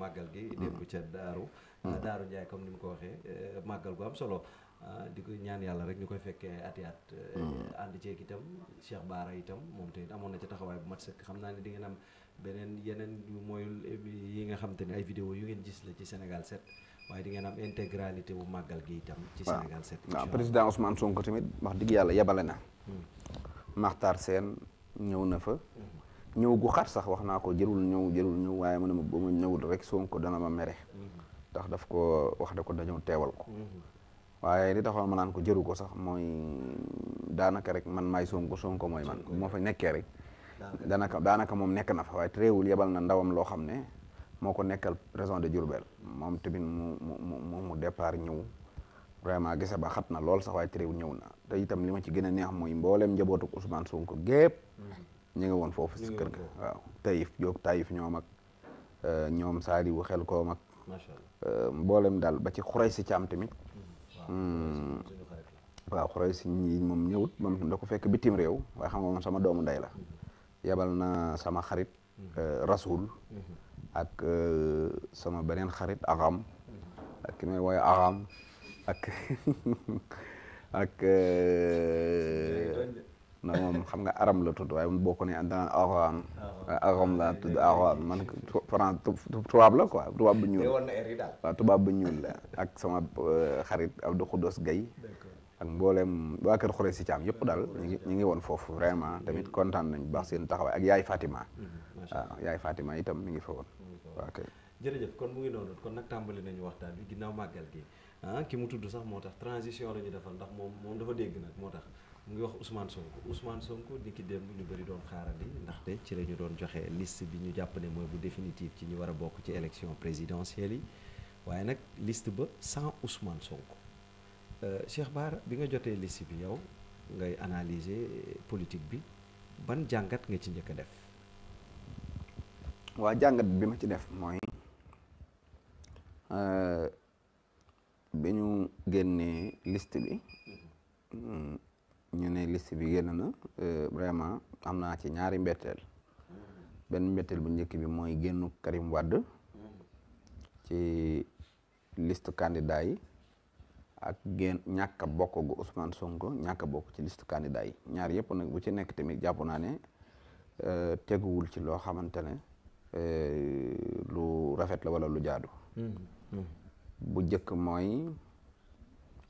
màggal gi mm. bu ca daaru mm. daaru Ndiaye comme ni mu ko waxee eh, màggal gu am solo ah, di ko ñaan yàlla rek ñu koy fekkee ati at eh, mm. ànd ceeg itam Cheikh Baara itam moom te amoon na ca taxawaay bu mat sëkk xam naa ne di ngeen am beneen yeneen mooy eh, yi nga xam te ne ay vidéo yu ngeen gis la ci Sénégal 7 waaye di ngeen am intégralité bu màggal gi itam ci Sénégal 7 waaw président Ousmane ko tamit wax dëgg yàlla yabale na Makhtar Sène ñëw na fa mm-hmm. ñëw gu xat sax wax naa ko jërul ñëw jërul ñëw waaye mu ne ma ba ma ñëwul rek Sonko dana ma mere tax daf ko wax da ko dañoo teewal ko waaye li taxoon ma naan ko jëru ko sax mooy daanaka rek man maay Sonko Sonko mooy man moo fa nekkee rek daanaka daanaka moom nekk na fa waaye teewul yebal na ndawam loo xam ne moo ko nekkal région de Diourbel moom tamit mu mu mu départ ñëw vraiment gise ba xat na lool sax waaye teewul ñëw na te itam li ma ci gën neex mooy mbooleem njabootu Ousmane Sonko gépp mm-hmm. ñu ngi woon foofu si kër ga waaw tayif Jóob tayif ñoom ak euh, ñoom saari wu xel koom euh, mboolem daal ba ci xuray si caam tamit mm-hmm. waaw xuray si ñi moom ñëwut moom da ko fekk bitim réew waaye xam nga moom sama doomu nday la mm-hmm. na sama xarit mm-hmm. euh, rasul ak sama beneen xarit ak ki may ak ak ndax moom xam nga aram la tudd waaye moom bokk ko nee daan aram aram la tudd ah, aram man France tubaab la quoi tubaab bu ñuul waaw tubaab bu ñuul la ak sama euh, xarit Abdou Khoudos Gaye ak mboolem waa kër xure si caam yëpp daal ñu ñu ngi woon foofu vraiment mm-hmm. tamit kontaan nañ bu baax seen taxawaay ak yaay Fatima mm-hmm. waaw yaay Fatima itam mi ngi fa woon mm-hmm. kon mu ngi kon nag tàmbali nañu waxtaan bi ginnaaw màggal gi ah ki mu tudd sax moo tax transition la ñu defal ndax moom moom dafa dégg nag moo tax mu ngi wax Ousmane Sonko Ousmane Sonko ni démb ñu bëri doon xaarandi ndaxte ci la ñu doon joxe list bi ñu jàpp ne mooy bu définitive ci ñu war bokk ci élection présidentielle yi waaye nag list ba sans Ousmane sonk euh, Cheikh Bara bi nga jotee list bi yow ngay analyser politique bi ban jàngat nga ci njëkk a def. waa jàngat bi ma ci def mooy euh, bi ñu génnee liste bi. Mhm. Hmm, liste bi génn na euh, vraiment am naa ci ñaari mbetteel benn mbetteel bu njëkk bi mooy génnu Karim Wade ci liste candidat yi ak génn ñàkk a bokk gu Ousmane Sonko ñàkk bokk ci liste candidat yi ñaar yëpp nag bu ci nekk tamit jàppu naa ne euh, teguwul ci loo xamante ne euh, lu rafet la wala lu jaadu. Hmm, hmm. bu njëkk mooy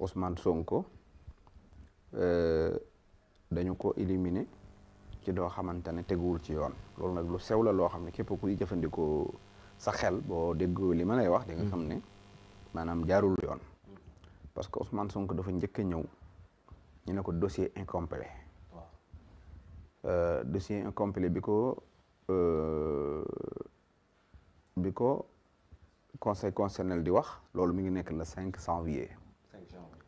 Ousmane Sonko. dañu ko éliminer ci doo xamante ne teguwul ci yoon loolu nag lu sew la loo xam ne képp ku kuy jëfandikoo sa xel boo déggoo li ma lay wax di nga mm. xam ne maanaam jaarul yoon parce que Ousmane sunk dafa njëkk a ñëw ñu ne ko dossier incomplet waaw euh, dossier incomplet bi ko euh, bi ko conseil constitutionnel di wax loolu mi ngi nekk le 5 janvier. 5 janvier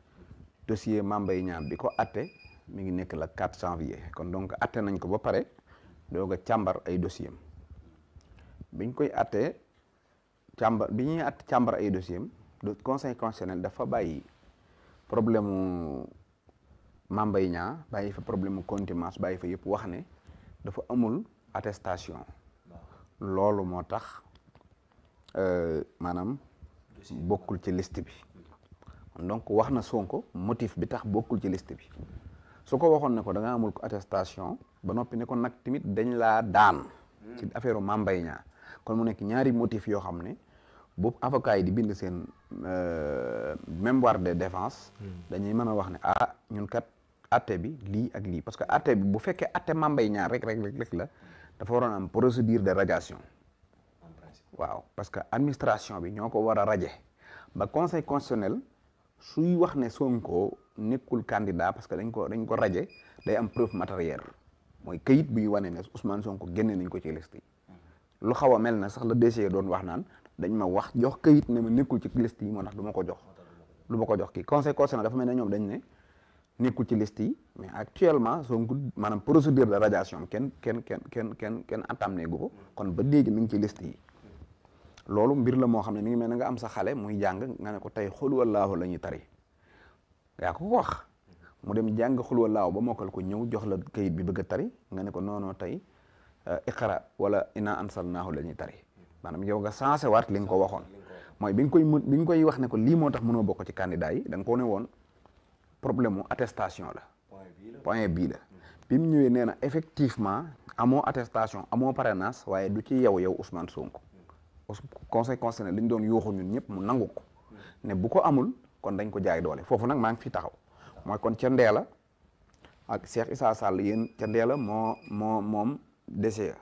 dossier Mame Mbaye Niang bi ko atte mi ngi nekk la 4 janvier kon donc atte nañ ko ba pare doog a càmbar ay dossier biñ koy attee càmbar bi ñuy att càmbar ay dossier am le conseil constitutionnel dafa bàyyi problème mu Mame Mbaye Niang bàyyi fa problème mu contumace bàyyi fa yëpp wax ne dafa amul attestation loolu moo tax euh, maanaam bokkul ci list bi donc wax na Sonko motif bi tax bokkul ci list bi su ko waxoon ne ko danga nga amul attestation ba noppi ne kon nag tamit dañ laa daan ci affaire u kon mu nekk ñaari motif yoo xam ne boobu avocat yi di bind seen euh, mémoire de defence hmm. dañuy mën a wax ne a ah, ñun kat ate bi lii ak lii parce que atte bi bu fekkee ate Mame Mbaye rek rek rek la dafa waroon am procédure de radiation waaw parce que administration bi ñoo ko war a raje ba conseil constitutionnel suy wax ne Sonko nekkul candidat parce que dañ ko dañ ko raje day am preuve matérielle mooy kayit bu ñu wane ne Ousmane Sonko génne nañ ko ci liste yi lu xaw a mel na sax la DG doon wax naan dañ ma wax jox kayit ne ma nekkul ci liste yi moo tax du ma ko jox du ma ko jox kii conseil dafa mel ne ñoom dañ ne nekkul ci liste yi mais actuellement Sonko maanaam procédure de radiation kenn kenn kenn kenn kenn kenn entamé gu ko kon ba léegi mi ngi ci liste yi loolu mbir la moo xam ne mi ngi mel na nga am sa xale muy jàng nga ne ko tey xul wallaahu la ñuy tari yaa ko ko wax mu dem jàng xul wallaahu ba mokkal ko ñëw jox la kayit bi bëgg a tari nga ne ko noonoo tey euh, iqra wala inna ansalnaahu la ñuy tari maanaam yow nga sensé waat li nga ko waxoon mooy bi nga koy bi nga koy wax ne ko lii moo tax mënoo bokk ci candidat yi da nga ko ne woon problème mu attestation la point bii la bi mu ñëwee nee na effectivement amoo attestation amoo parrainage waaye du ci yow yow Ousmane Sonko conseil concerné li ñu doon yooxu ñun ñëpp mu nangu ko ne bu ko amul kon dañ ko jaay doole foofu nag maa ngi fi taxaw mooy kon ca Ndeela ak Cheikh Issa Sall yéen ca Ndeela moo moo moom DCA e.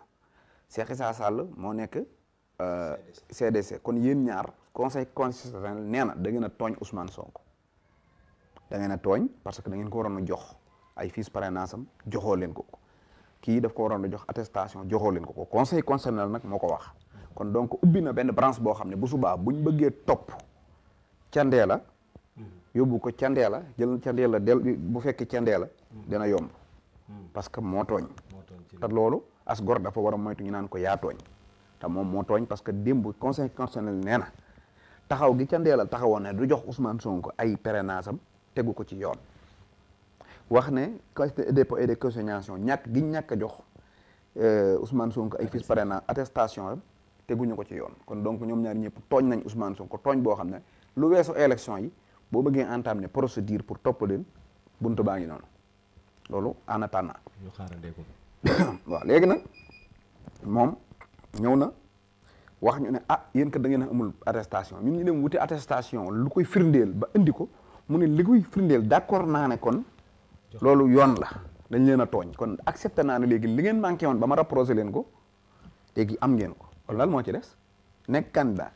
Cheikh Issa Sall moo nekk CDC euh, kon yéen ñaar conseil constitutionnel nee na da ngeen a tooñ Ousmane Sonko da ngeen a tooñ parce que da ngeen ko waroon a jox ay pare naa sam joxoo leen ko kii daf ko waroon a jox attestation joxoo leen ko ko conseil constitutionnel nag moo ko wax kon donc ubbi na benn branche boo xam ne bu subaa buñ bëggee topp candee la yóbbu ko candee la jël candee la del bu fekkee candee la dina yomb parce que moo tooñ te loolu as dafa war a moytu ñu naan ko yaa tooñ te moom moo tooñ parce que démb conseil constitutionnel nee na taxaw gi candee la taxawoon ne du jox Ousmane Sonko ay parrainage am tegu ko ci yoon wax ne caisse de dépôt et de consignation ñàkk gi ñàkk a jox euh, Ousmane Sonko ay fiches parrainage attestation am teguñu ko ci yoon kon donc ñoom ñaar ñëpp tooñ nañ Ousmane ko tooñ boo xam ne lu weesu élection yi boo bëggee entamer procédure pour topp leen buntu baa ngi noonu loolu en attendant. ñu xaarandee ko. waaw léegi nag moom ñëw na wax ñu ne ah yéen kat da ngeen amul attestation ñun ñu dem wuti attestation lu koy firndeel ba indi ko mu ne li koy firndeel d'accord naa ne kon loolu yoon la dañ leen a tooñ kon accepté naa ne léegi li ngeen manqué woon ba mara rapproché leen ko léegi am ngeen ko. kon moo ci des nekk candidat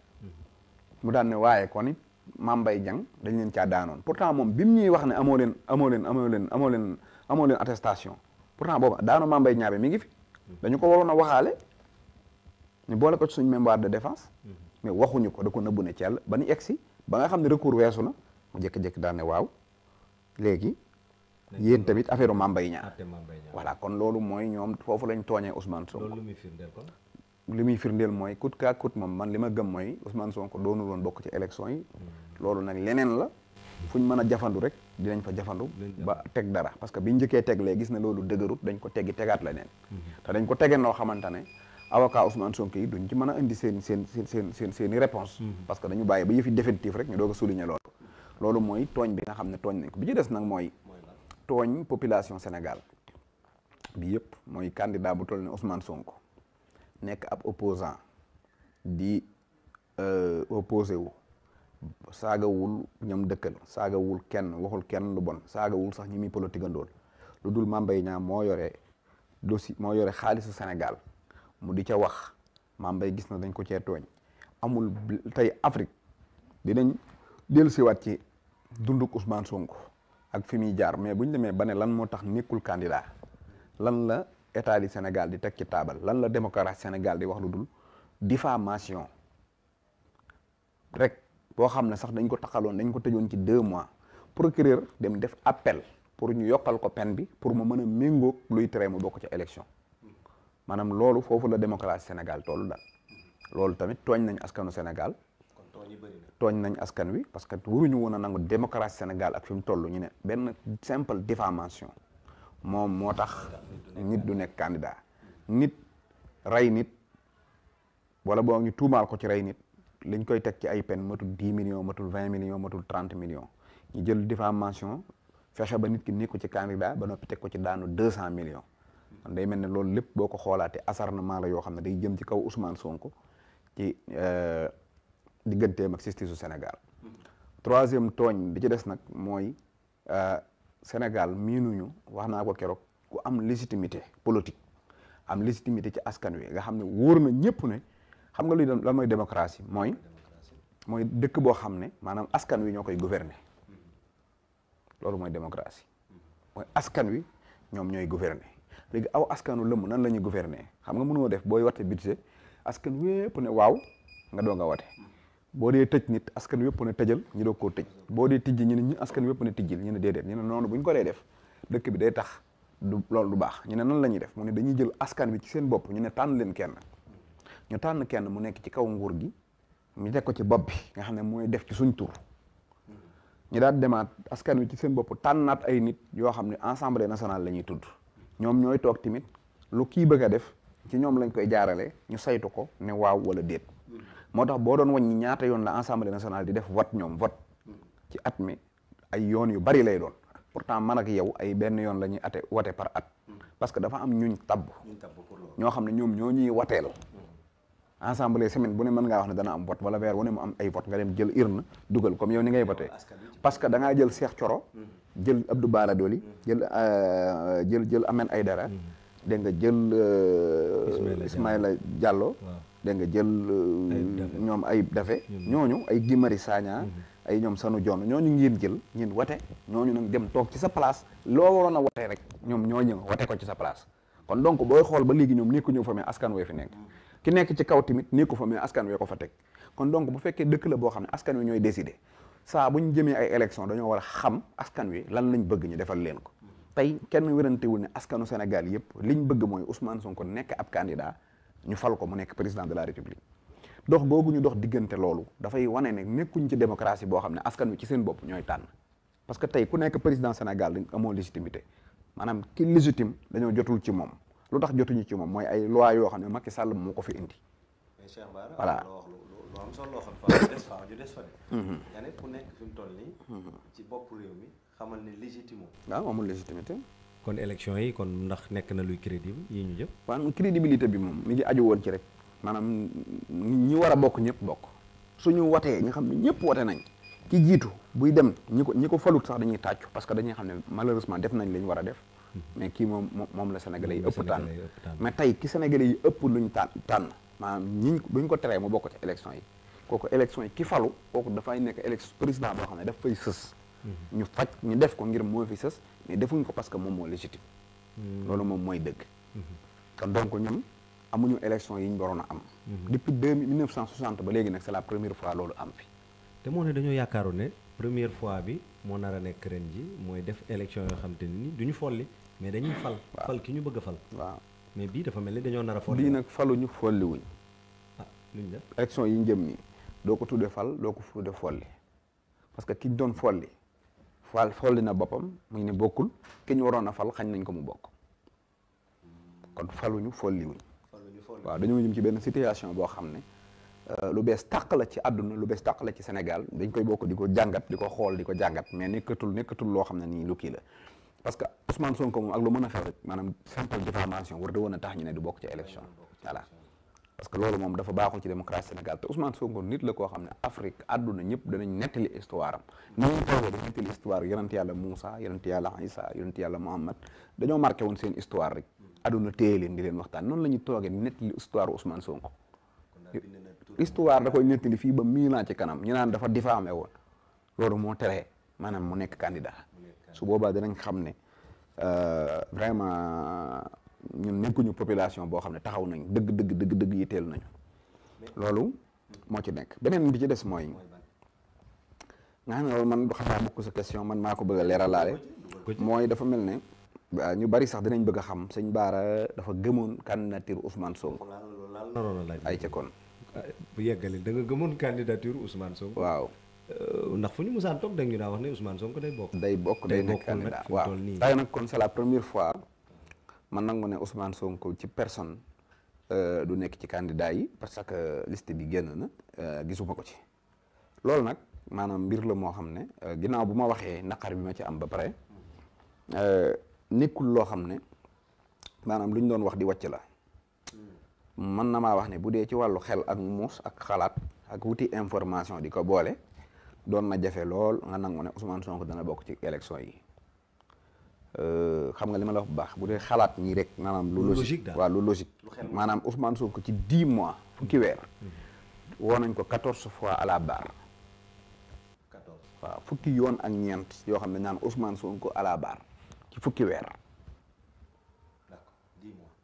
mu daan ne waaye kon it Mame Mbaye Niang dañ leen caa daanoon pourtant moom bi mu ñuy wax ne amoo leen amoo leen amoo leen amoo leen amoo leen attestation pourtant boobu daanu Mame Mbaye bi mi ngi fi dañu ko waroon a waxaale ñu boole ko ci suñ mémoire de défense mais waxuñu ko da na bu ne cell ba ñu egsi ba nga xam ne recours weesu na mu jékki-jékki daan ne waaw léegi yéen tamit affaire Mame Mbaye Niang voilà kon loolu mooy ñoom foofu lañ tooñee Ousmane Sonko li muy firndeel mooy coûte que coûte moom man li ma gëm mooy Ousmane Sonko doonul woon bokk ci élection yi. loolu nag leneen la. fu ñu mën a jafandu rek dinañ fa jafandu. ba teg dara parce que bi njëkkee teg lee gis ne loolu dëgërut dañ ko teggi tegaat leneen. Mhm. te ko tege noo xamante ne avocat Ousmane Sonko yi duñ ci mën a indi seen seen seen seen seen i réponse mhm. parce que dañu bàyyi ba yëfi définitif rek ñu doog a souligner mooy tooñ bi nga xam ne tooñ nañ ko bi ci des nag mooy. tooñ population Sénégal bi yëpp mooy candidat bu toll ne Ousmane Sonko. nekk ab opposant di euh, opposé wu saagawul ñam dëkkal saagawul kenn waxul kenn lu bon saaga wul sax ñi muy politique andool lu dul Mame Mbaye Niang moo yore dossier moo yore xaalisu senegal mu di ca wax Mame Mbaye gis na dañ ko cee tooñ amul tey Afrique dinañ dellusiwaat ci dunduk Ousmane Sonko ak fi muy jaar mais bu ñu demee ba ne lan moo tax nekkul candidat lan la état du Sénégal di teg ci taabal lan la démocratie Sénégal di wax lu dul diffamation rek boo xam ne sax dañ ko taxaloon dañ ko tëjoon ci deux mois procureur dem def appel pour ñu yokkal ko peine bi pour mu mën a méngoog luy tere mu bokk ca élection maanaam loolu foofu la démocratie Sénégal toll daal loolu tamit tooñ nañ askanu Sénégal. tooñ nañ askan wi parce que waruñu woon a nangu démocratie Sénégal ak fi mu toll ñu ne benn simple diffamation moom moo tax nit du nekk candidat nit ray nit wala boo ñu tuumaal ko ci rey nit liñ koy teg ci ay peine matul 10 million matul 20 million matul 30 millions jël diffamation fexe ba nit ki nekk ko ci candidat ba noppi teg ko ci daanu 200 millions million day mel ne loolu lépp boo ko xoolaatee acharnement la yoo xam ne day jëm ci kaw Ousmane Sonko ci euh, digganteem ak justice su Sénégal troisième tooñ bi ci des nag mooy euh, Sénégal miinuñu wax naa ko keroog ku am légitimité politique am légitimité ci askan wi nga xam ne wóor na ñëpp ne xam nga luy lan mooy démocratie mooy mooy dëkk boo xam ne maanaam askan wi ñoo koy gouverner loolu mooy démocratie mooy askan wi ñoom ñooy gouverner léegi aw askanu lëmm nan la ñuy gouverner xam nga def booy wate budget askan wépp ne waaw nga doog a wate boo dee tëj nit askan wépp ne tëjal ñu doog koo tëj boo dee tijji ñu ne ñu askan wépp ne tijjil ñu ne déedéet ñu ne noonu bu ñu ko dee def dëkk bi day tax du lool du baax ñu ne nan la ñuy def mu ne dañuy jël askan bi ci seen bopp ñu ne tànn leen kenn ñu tànn kenn mu nekk ci kaw nguur gi ñu teg ko ci bopp bi nga xam ne mooy def ci suñ tur ñu daal demaat askan wi ci seen bopp tànnaat ay nit yoo xam ne assemblée nationale la ñuy tudd ñoom ñooy toog tamit lu kii bëgg a def ci ñoom lañ koy jaarale ñu saytu ko ne waaw wala déet moo tax boo doon wàññi ñaata yoon la assemblée nationale di def vote ñoom vote ci at mi ay yoon yu bari lay doon pourtant man ak yow ay benn yoon la ñuy ate wate par at parce que dafa am ñuñ tabb ñoo xam ne ñoom ñoo ñuy wateel hmm. assemblée semaine bu ne mën nga wax ne dana am vote wala weer wu ne mu am ay vote nga dem jël urne dugal comme yow ni ngay voté hmm. parce que da ngaa jël Cheikh Thioro hmm. jël Abdou Bara Dolly jël euh, jël jël Ahmed Aïdara dégg nga jël euh, Ismaïla Diallo dégg nga jël euh, ñoom Ayib Dafe ñooñu ay Guy Marius Sagna mhm. ay ñoom sanu jonn ñooñu ngeen jël ngeen wate ñooñu nag dem toog ci sa place loo waroon a watee rek ñoom ñooñu nga wate ko ci sa place kon donc booy xool ba léegi ñoom nekkuñu fa mais askan wee fi nekk ki nekk ci kaw tamit nekku fa mais askan wee ko fa teg kon donc bu fekkee dëkk la boo xam ne askan wi ñooy décider saa bu jëmee ay élection dañoo war a xam askan wi lan lañ bëgg ñu defal leen ko tey kenn wérantewul ne askanu Sénégal yëpp liñ bëgg mooy Ousmane Sonko nekk ab candidat ñu fal ko mu nekk président de la république dox googu ñu dox diggante loolu dafay wane ne nekkuñ ci démocratie boo xam ne askan wi ci seen bopp ñooy tànn parce que tey ku nekk président Sénégal dañ amoo légitimité maanaam ki légitime dañoo jotul ci moom lu tax jotuñu ci moom mooy ay loi yoo xam ne Macky Sall moo ko fi indi. voilà lu am solo loo xam fa des fa ju des fa ne ku nekk fi mu toll nii mhm. ci bopp réew mi xamal ne légitime waaw amul légitimité kon élection yi kon ndax nekk na luy crédible yi ñu jëm. waaw crédibilité bi moom mu ngi aju woon ci rek maanaam ñi war a bokk ñëpp bokk suñu watee nga xam ne ñëpp wate nañ ki jiitu buy dem ñi ko ñi ko falut sax dañuy tàccu parce que dañuy xam ne malheureusement def nañ li ñu def. mais kii moom moom la Sénégalais yi ëpp tànn mais tey ki Sénégalais yi ëpp luñ tànn tànn maanaam ñiñ buñ ko teree mu bokk ci élection yi kooku élection yi ki falu kooku dafay nekk élection président boo xam ne daf fay sës ñu faj ñu def ko ngir moo fi sës mais defuñ ko parce que moom moo légitime hmm. loolu moom mooy dëgg hmm. kon donc ñun amuñu élection yi ñu waroon a am hmm. depuis deux mille neuf cent soixante ba léegi nag c'est la première fois loolu am te moo ne yaakaaroon ne première fois bi moo nar a nekk ren ji mooy def élection yoo xam te ni duñu folli mais dañuy fal fal ñu bëgg a fal waaw mais bii dafa mel ni dañoo nar a folli nag faluñu folli wuñ ah luñ def élection yi ñu jëm nii doo ko tuddee fal doo ko tuddee folli parce que ki doon folli fal folli na boppam mu muy ne bokkul ki ñu waroon a fal xañ nañ ko mu bokk kon falu ñu faluñu folliwuñ waaw dañoo jëm ci benn situation boo xam ne euh, lu bees tàq la ci àdduna lu bees tàq la ci Sénégal dañ koy bokk di ko jàngat di ko xool di ko jàngat mais nekkatul nekkatul loo xam ne nii lu kii la parce que Ousmane Sonko moom ak lu mën a xew rek maanaam simple diffamation war da woon a tax ñu ne du bokk ci élection voilà parce que loolu moom dafa baaxul ci démocratie Sénégal te Ousmane Sonko nit la koo xam ne Afrique àdduna ñëpp danañ nettali histoire am ni ñuy toogee dañ nettali histoire yonent yàlla Moussa yonent yàlla Isa yonent yàlla Muhammad dañoo marqué woon seen histoire leen di leen waxtaan noonu la ñuy toogee nettali histoire Ousmane Sonko histoire da koy nettali fii ba mille ans ci kanam ñu naan dafa diffamé woon loolu moo teree maanaam mu nekk candidat su boobaa dinañ xam ne euh, vraiment ñun nekkuñu population boo xam ne taxaw nañ dëgg dëgg dëgg dëgg yitteel nañu loolu moo ci nekk beneen bi ci des mooy nga xam ne loolu man xam naa bokk sa question man maa ko bëgga a leeralaale mooy dafa mel ne waaw ñu bari sax dinañ bëgg a xam sëñ Baara dafa gëmoon candidature Ousmane Sonko. ay ca kon. bu yeggalee da nga gëmoon candidature Ousmane Sonko. waaw euh, ndax fu ñu musaan toog da ñu daa wax ne Ousmane Sonko day bokk. day bokk day nekk candidat waaw tey nag kon c'est la première fois. man nangu ne Ousmane Sonko ci personne euh, du nekk ci candidat yi parce que liste bi génn na euh, gisuma ko ci loolu nag maanaam mbir la moo xam ne euh, ginnaaw bu ma waxee naqar bi ma ci am ba pare nekkul loo xam ne maanaam lu ñu doon wax di wàcc la mën na maa wax ne bu dee ci wàllu xel ak muus ak xalaat ak wuti information di ko boole doon na jafe lool nga nangu ne Ousmane Sonko dana bokk ci élection yi Euh, xam nga li ma la bu baax bu dee xalaat nii rek maanaam lu logique waaw lu logique maanaam Ousmane Sonko ci dix mois fukki weer mm-hmm. woo nañ ko quatorze fois à la barre waaw fukki yoon ak ñeent yoo xam ne naan Ousmane Sonko à la barre ci fukki weer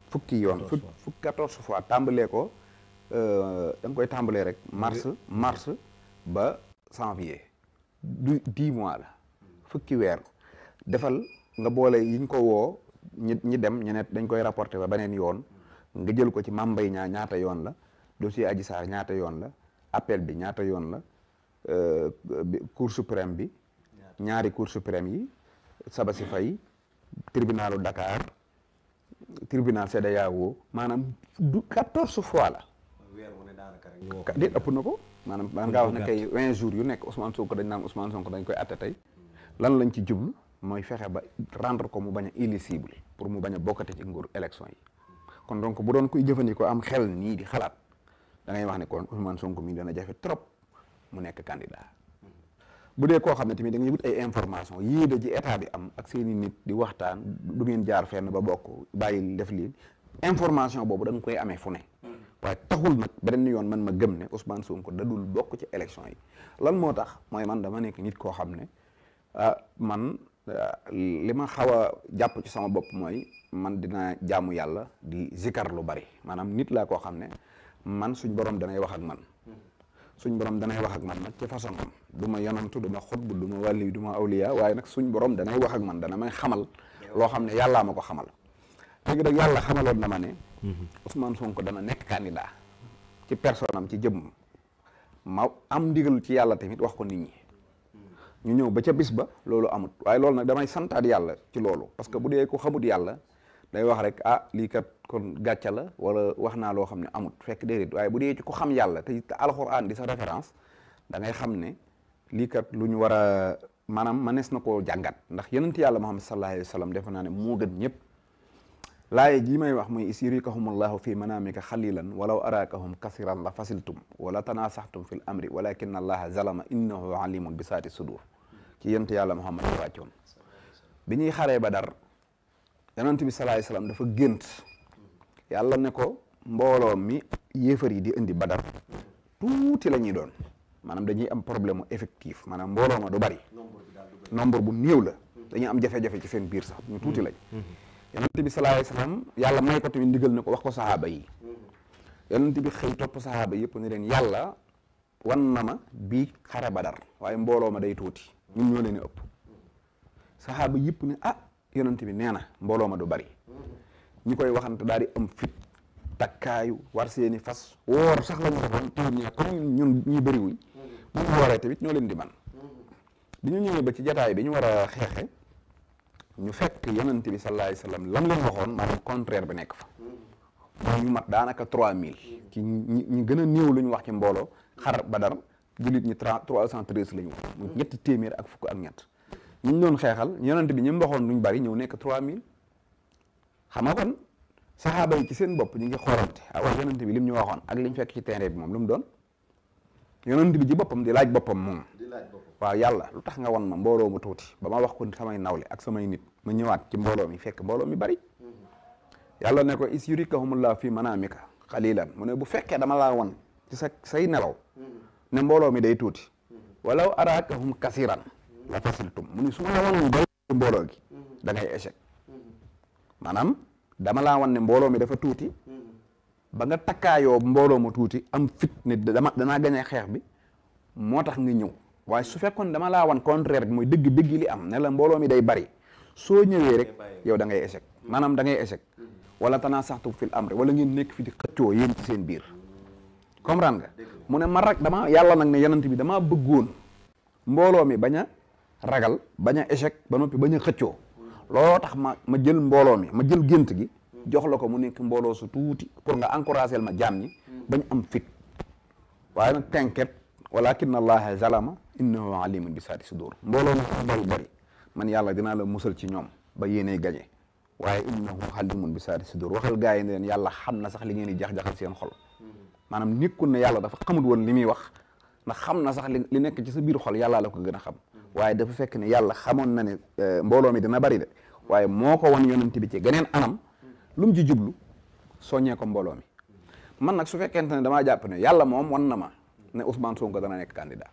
fukki yoon fukki quatorze fois tàmbalee ko euh, da koy tàmbalee rek mars mars ba janvier du dix mois la mm. fukki weer defal nga boole yiñ ko woo ñi ñi dem ñu dañ koy rapporté ba beneen yoon nga jël ko ci Mame Mbaye ñaata yoon la dossier Adji Sarr ñaata yoon la appel bi ñaata yoon la euh, cour suprême bi ñaari cour suprême yi saba Sabassi Faye tribunalu Dakar tribunal CEDEAO maanaam du quatorze fois la déet ëpp na ko maanaam maan nga wax ne kay vingt jours yu nekk Ousmane Sonko dañ naan Ousmane Sonko dañ koy atte tey hmm. lan lañ ci jublu mooy fexe ba rendre ko mu bañ a éligible pour mu bañ a bokkate ci nguur élection yi kon donc bu doon kuy jëfandikoo am xel nii di xalaat da wax ne kon Ousmane Sonko mi dana jafe trop mu nekk candidat bu dee koo xam ne tamit da ngay ay information yii da ci état bi am ak seeni nit di waxtaan du ngeen jaar fenn ba bokk bàyyi def lii information boobu dañ koy amee fu ne waaye taxul nag beneen yoon man ma gëm ne Ousmane Sonko dadul bokk ci élection yi lan moo tax mooy man dama nekk nit koo xam ne ah, man Euh, li ma xaw a jàpp ci sama bopp mooy man dina jaamu yàlla di zikar lu bari maanaam nit laa koo xam ne man suñ borom danay wax ak man suñ borom danay wax ak man ma ci façon am du ma yonantu du ma xutbu du ma wàlli du ma awliya waaye nag suñ borom danay wax ak man dana may xamal loo xam ne yàllaa ma ko xamal léegi nag yàlla xamaloon na ma ne mm-hmm. Ousmane Sonko dana nekk candidat ci personne am ci jëm ma am ndigal ci yàlla tamit wax ko nit ñi ñu ñëw ba ca bis ba loolu amut waaye loolu nag damay santaat yàlla ci loolu parce que bu dee ko xamut yàlla day wax rek ah lii kat kon gàcca la wala wax naa loo xam ne amut fekk déedéet waaye bu dee ci ko xam yàlla te alxuraan di sa référence dangay xam ne lii kat lu ñu war a maanaam mënees na koo jàngat ndax yonent yàlla muhammad xam alayhi wa sallam defe naa ne moo gën ñëpp laaye jii may wax muy isirikahumullahu fi manamika xalilan walaw arakahum kasiran la fasiltum wala tanasaxtum fi l amri walakin allaha zalama innahu alimun bi saati sudur ci yonent yàlla Muhammad yi wàccoon bi ñuy xaree Badar yonent bi salaay salaam dafa gént yàlla ne ko mbooloo mi yéefar yi di indi Badar la ñuy doon maanaam dañuy am problème mu effectif maanaam mbooloo ma du bari nombre bu néew la dañuy am jafe-jafe ci seen biir sax ñu tuuti lañ yonent bi salaay salaam yàlla may ko tamit ndigal ne ko wax ko sahaaba yi yonent bi xëy topp sahaaba yëpp ne leen yàlla wan na ma bi xare Badar waaye mbooloo ma day tuuti ñun ñoo leen ëpp saxaaba yëpp ne ah yonent bi nee na mbooloo ma du bari ñi koy waxante daal di am fit takkaayu war seeni fas woor sax la ñu waxoon téwr ñi comme ñun ñuy bëriwuñ ñu tamit ñoo leen di man bi ñëwee ba ci jataay bi ñu war a xeexe ñu fekk yonent bi sallallahu alayhi wasallam lam waxoon maanaam contraire bi nekk fa mooy ñu mat daanaka trois mille ki ñi gën a néew lu ñu wax ci mbooloo xar ba badar jullit ñi trois cent treize la ñu woon ñetti téeméer ak fukk ak ñett ñu doon xeexal yonent bi ñu waxoon duñ bari ñëw nekk trois mille xam nga kon saxaaba yi ci seen bopp ñu ngi xoolante ah waaw yonent bi lim ñu waxoon ak liñ fekk ci terrain bi moom lu mu doon yonent bi ci boppam di laaj boppam moom waaw yàlla lu tax nga won ma mbooloo mu tuuti ba ma wax ko samay nawle ak samay nit ma ñëwaat ci mbooloo mi fekk mbooloo mi bari mm-hmm. yàlla ne ko is yurikahumullah fi manamika xalilan mu ne bu fekkee dama laa won ci sa say nelaw mm-hmm. ne mbooloo mi day tuuti walaw araakahum kasiran la fasiltum mu ni su la mbooloo gi da ngay échec maanaam dama laa wan ne mbooloo mi dafa tuuti ba nga takkaayoo mbooloo mu tuuti am fit ne dama danaa gañe xeex bi moo tax nga ñëw waaye su fekkoon dama laa wan contraire bi mooy dëgg dëgg li am ne la mbooloo mi day bari soo ñëwee rek yow da ngay échec maanaam da ngay échec wala tanaasaxtum fil amri wala ngeen nekk fi di xëccoo yéen seen biir comprendre nga mu ne ma rag dama yàlla nag ne yenant bi damaa bëggoon mbooloo mi bañ a ragal bañ a échec ba noppi bañ a xëccoo looloo tax ma ma jël mbooloo mi ma jël gént gi jox la ko mu nekk mbooloo su tuuti pour nga encouragé ma jaam ñi bañ am fit waaye nag tënket walakin allaha zalama innahu alimun bi saati sudur mbooloo ma bari bari man yàlla dinaa la musal ci ñoom ba yéeney gañe waaye innahu alimun bi saati sudur waxal gaa yi ne leen yàlla xam na sax li ngeen di jax-jaxal seen xol maanaam nekkul ne yàlla dafa xamut woon li muy wax ndax xam na sax li nekk ci sa biir xol yàllaa la ko gën a xam waaye dafa fekk ne yàlla xamoon na ne euh, mbooloo mi dina bari de waaye moo ko wan yonent bi ci geneen anam lu mu ci jublu soññee ko mbooloo mi man nag su fekkente ne damaa jàpp ne yàlla moom wan na ma ne Ousmane Sonko dana nekk candidat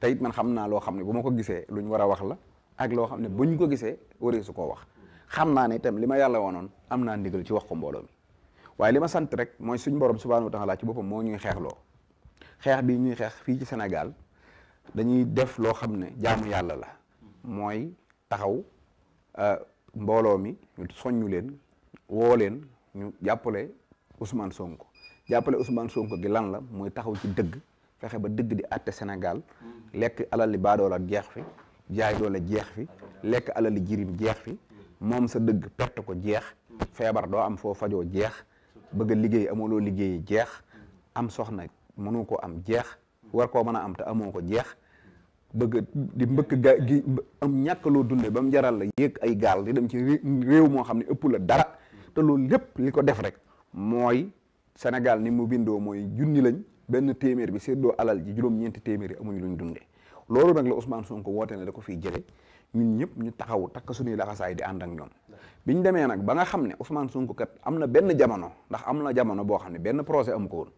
te it man xam naa loo xam ne bu ma ko gisee luñ war a wax la ak loo xam ne buñ ko gisee waree su koo wax xam naa ne itam li ma yàlla wanoon am naa ndigal ci wax ko mbooloo mi waaye li ma sant rek mooy suñ borom subhanahu wa taala ci boppam moo ñuy xeexloo xeex bi ñuy xeex fii ci senegal dañuy def loo xam ne jaamu yàlla la mooy taxaw euh, mbooloo mi ñu soññu leen woo leen ñu jàppale Ousmane sonk jàppale Ousmane Sonko gi lan la mooy taxaw ci dëgg fexe ba dëgg di àtte Sénégal lekk alal li baadoola jeex fi jaay doole jeex fi lekk alal li jirim jeex fi moom sa dëgg perte ko jeex feebar doo am foo fajoo jeex bëgg a liggéey amuloo liggéey jeex am soxna mënoo ko am jeex war koo mën a am te amoo ko jeex bëgg di mbëkk ga gi am ñàkk loo dunde ba mu jaral la yéeg ay gaal di dem ci réew moo xam ne ëpp la dara te loolu lépp li ko def rek mooy Sénégal ni mu bindoo mooy junni lañ benn téeméer bi séddoo alal ji juróom-ñeenti téeméer yi amuñu luñ dunde loolu nag la Ousmane Sonko woote ne da ko fiy jële ñun ñëpp ñu taxaw takk suñuy laxasaay di ànd ak ñoom bi demee nag ba nga xam ne Ousmane Sonko kat am na benn jamono ndax am na jamono boo xam ne benn projet am ko woon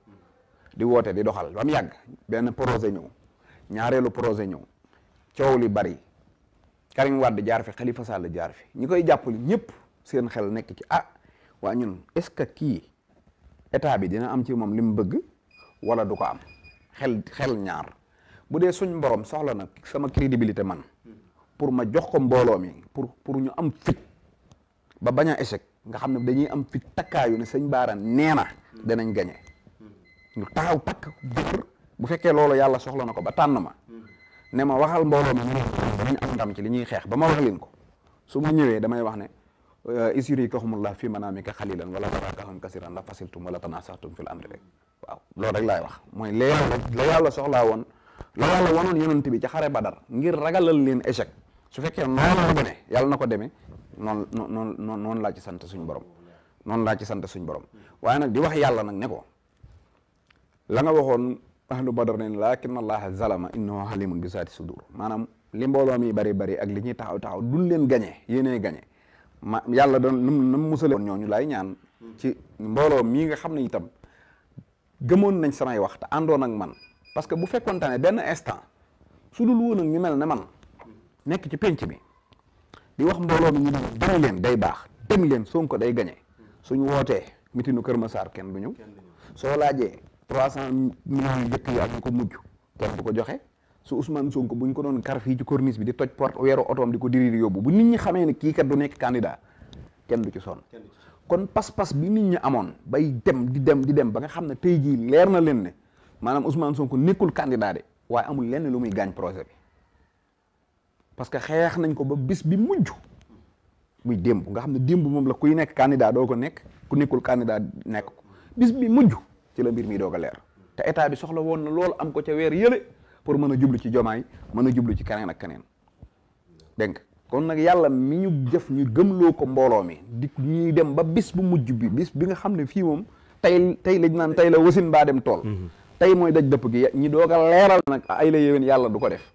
di woote di doxal ba mu yàgg benn projet ñëw ñaareelu projet ñëw coow li bari Karim Wade jaar fi Khalifa Sall jaar fi ñu koy jàppale ñëpp seen xel nekk ci ah waa ñun est-ce que kii état bi dina am ci moom li mu bëgg wala du ko am xel xel ñaar bu dee suñ mborom soxla nag sama crédibilité man pour ma jox ko mbooloo mi pour pour ñu am fit ba bañ a nga xam ne dañuy am fit takkaayu ne sëñ Baara nee na danañ gañe ñu taxaw takk bu fekkee loolu yàlla soxla na ko ba tànn ma ne ma waxal mbooloo mi ñu am ndam ci li ñuy xeex ba ma wax leen ko su ma ñëwee damay wax ne euh, isuri kahumullah fi manamika xalilan wala tarakahum kasiran la fasiltum wala tanasatum fil amri rek waaw loolu rek laay wax mooy la yàlla la yàlla woon la yàlla wanoon su fekkee noonu la demee na ko demee noonu noonu noonu noonu laa ci sant suñu borom noonu laa ci sant suñu borom waaye nag di wax yàlla nag ne ko la nga waxoon ahlu badar ne lakin allaha zalama innahu halimun bi saati sudur maanaam li mbooloo mi bari bari ak li ñuy taxaw taxaw duñ leen gañe yéenee gañe ma yàlla doon num nam musale ñooñu laay ñaan ci mbooloo mii nga xam ne itam gëmoon nañ samay wax te àndoon ak man parce que bu fekkoon ne benn instant su dul woon ak ñu mel ne man nekk ci penc bi di wax mbooloo mi ñu ne leen day baax demi leen Sonko day gañe suñu wootee mitinu Kër Massar kenn du ñëw soo laajee trois cent millions yu yi ak ñu ko mujj kenn du ko joxe su Ousmane Sonko bu ñu ko doon kar fii ci corniche bi di toj porte weeru otoom di ko diri yóbbu bu nit ñi xamee ne kii kat du nekk candidat kenn du ci sonn kon pas-pas bi nit ñi amoon bay dem di dem di dem ba nga xam ne tey jii leer na leen ne maanaam Ousmane Sonko nekkul candidat de waaye amul lenn lu muy gaañ projet bi parce que xeex nañ ko ba bis bi mujj muy démb nga xam ne démb moom la kuy nekk candidat doo ko nekk ku nekkul candidat nekk ko bis bi mujj ci la mbir mi doog a leer te état bi soxla woon na loolu am ko ca weer yële pour mën a jublu ci jomaay mën a jublu ci keneen ak keneen dégg nga kon nag yàlla mi ñu jëf gëmloo ko mbooloo mi di ñuy dem ba bis bu mujj bi bis bi nga xam ne fii moom tey tey lañ naan tey la wasin baa dem tool mm-hmm. tey mooy daj dëpp gi ñi doog leeral nag ay la yàlla du ko def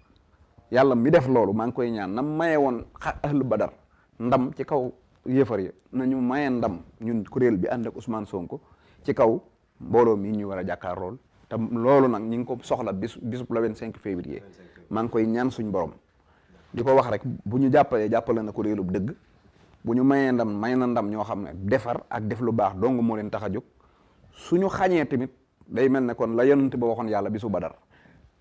yàlla mi def loolu maa ngi koy ñaan na maye woon a ahlu badar ndam ci kaw yéefar ya nañu maye ndam ñun kuréel bi ànd ak Ousmane Sonko ci kaw mbooloo mi ñu war a jàkkaarlool te loolu nag ñu ngi ko soxla bisu bisub la 25 février maa ngi koy ñaan suñ borom di ko wax rek bu ñu jàppalee jàppale na kuréelu dëgg bu ñu mayee ndam may na ndam ñoo xam ne defar ak def lu baax dong moo leen tax a jóg suñu xañee tamit day mel ne kon la yonent ba waxoon yàlla bisu badar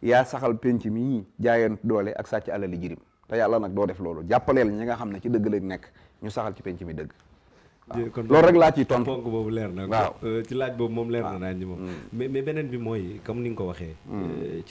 yaa saxal penc mi jaayeen doole ak sàcc alali jirim te yàlla nag doo def loolu jàppaleel ñi nga xam ne ci dëgg lañ nekk ñu saxal ci penc mi dëgg kon loolu rek laa ciy tontu ponk boobu leer na waaw euh, ci laaj boobu moom leer na naa ñi moom mm. mais mais beneen bi mooy comme ni nga ko waxee mm. euh,